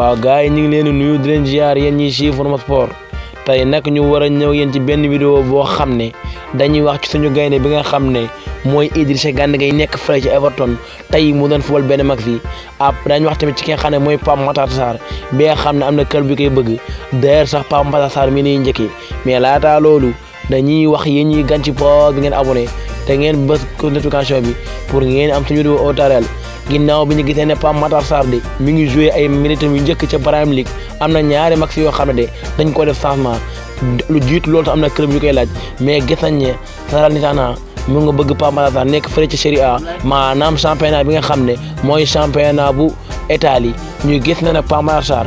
waaw gars yi ñu ngi leen di nuyu di leen ziar yéen ñi ci Forma Sport tey nag ñu war a ñëw yéen ci benn vidéo boo xam ne dañuy wax ci suñu gaynde bi nga xam ne mooy Idrissa Gana Gueye nekk fële ci Everton tey mu doon football benn mag fi après dañu wax tamit ci ki xam ne mooy Pape Matar Sarr bi nga xam ne am na kër bi koy bëgg d'ailleurs sax Pape Matar Sarr mi niy njëkkee mais laataa loolu dañuy wax yéen ñuy gan ci poos bi ngeen abonné te ngeen bës ko notification bi pour ngeen am suñu vidéo au tarel ginnaaw bi ñu gisee ne Pape Matar Sarr de mi ngi joué ay minutes yu njëkk ca Premier League am na ñaari max yoo xam ne de dañ ko def changement lu jiitu loolu tax am na club yu koy laaj mais gis nañ ne Salernitana mu nga bëgg Pape Matar Sarr nekk fële ci Serie A maanaam championnat bi nga xam ne mooy championnat bu Italie ñu gis na ne Pape Matar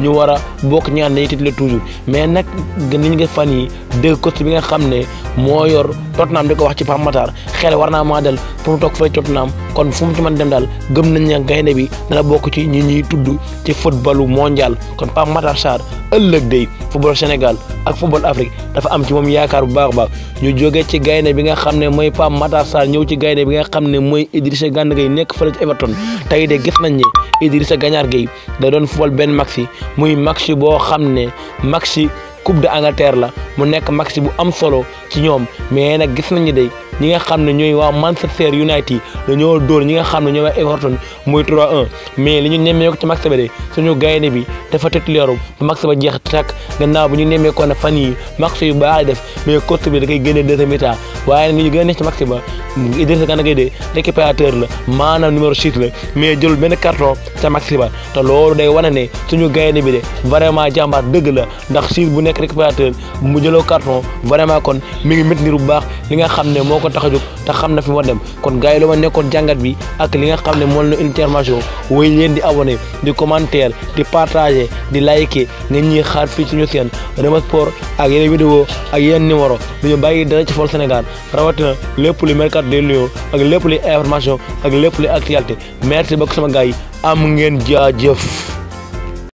ñu war a bokk ñaan dañuy titulé toujours mais nag niñ nga fan yi dégg coach bi nga xam ne moo yor Tottenham di ko wax ci Pape Matar xel war naa maa dal pour mu toog fay Tottenham kon fu mu ci mën dem daal gëm nañ ne gaynde bi dana bokk ci ñi ñuy tudd ci footballu mondial kon Pape Matar Sarr ëllëg day football Sénégal ak football Afrique dafa am ci moom yaakaar bu baax a baax ñu jóge ci gaynde bi nga xam ne mooy Pape Matar Sarr ñëw ci gaynde bi nga xam ne mooy Idrissa Gana Gueye nekk fële ci Everton tey de gis nañ ne Idrissa gañaar Gueye da doon football benn maxi muy maxi boo xam ne maxi coupe d'Angleterre la mu nekk maxi bu am solo ci ñoom mais nag gis nañ ni day ñi nga xam ne ñooy waa Manchester United dañoo dóor ñi nga xam ne ñooy waa Everton muy 3-1 mais li ñu nemmee ko ci max ba de suñu gaynde bi dafa titulaire ba max ba jeex tàkk gannaaw bi ñu nemmee ko ne da koy a nekk ci max ba Idrissa de récupérateur la maanaam numéro 6 la mais jël benn carton ca max ba te loolu day wane ne suñu gaynde bi de vraiment jàmbaar dëgg la ndax 6 bu nekk récupérateur mu jëloo carton vraiment kon mi ngi métti bu baax li nga xam ne moo ko tax a jóg te xam na fi ma dem kon gars yi a ma nekkoon jàngat bi ak li nga xam ne moom la information wéy leen di abonné di commentaire di partager di liker nga ñuy xaar fii ci ñu seen Remo Sport ak yeneen vidéo ak yeneen numéro duñu bàyyi dara ci Sénégal rawatina lépp lu mercat de Lyon ak lépp lu information ak lépp lu actualité merci beaucoup sama gars am ngeen jaajëf